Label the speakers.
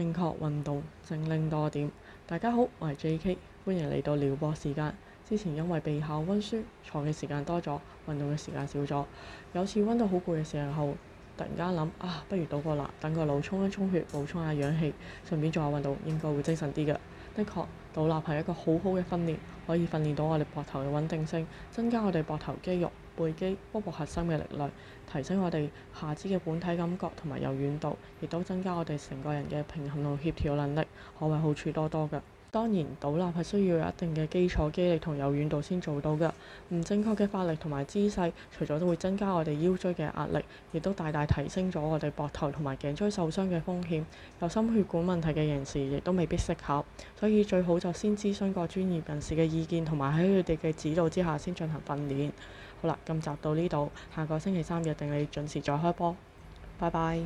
Speaker 1: 正確運動正令多點，大家好，我係 JK，歡迎嚟到療播時間。之前因為備考溫書，坐嘅時間多咗，運動嘅時間少咗。有次溫到好攰嘅時候，突然間諗啊，不如倒個立，等個腦充一充血，補充下氧氣，順便做下運動，應該會精神啲嘅。的確，倒立係一個好好嘅訓練，可以訓練到我哋膊頭嘅穩定性，增加我哋膊頭肌肉、背肌、腹部核心嘅力量，提升我哋下肢嘅本體感覺同埋柔軟度，亦都增加我哋成個人嘅平衡同協調能力，可謂好處多多㗎。當然，倒立係需要有一定嘅基礎、肌力同柔軟度先做到㗎。唔正確嘅發力同埋姿勢，除咗都會增加我哋腰椎嘅壓力，亦都大大提升咗我哋膊頭同埋頸椎受傷嘅風險。有心血管問題嘅人士亦都未必適合，所以最好就先諮詢過專業人士嘅意見，同埋喺佢哋嘅指導之下先進行訓練。好啦，今集到呢度，下個星期三約定你準時再開波，拜拜。